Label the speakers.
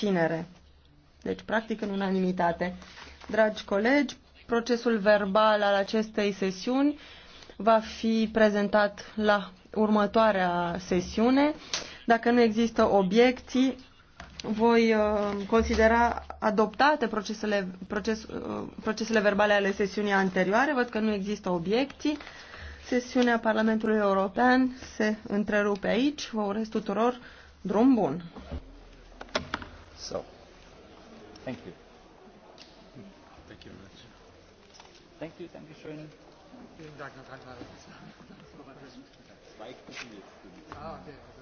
Speaker 1: abținere. Deci, practic, în unanimitate. Dragi colegi, procesul verbal al acestei sesiuni va fi prezentat la următoarea sesiune. Dacă nu există obiecții, voi uh, considera adoptate procesele, proces, uh, procesele verbale ale sesiunii anterioare. Văd că nu există obiecții. Sesiunea Parlamentului European se întrerupe aici. Vă urez tuturor drum bun!
Speaker 2: So, thank you. Thank you much.
Speaker 3: Thank you, you schön. Vielen Dank, Herr
Speaker 4: Zwei Ah, okay.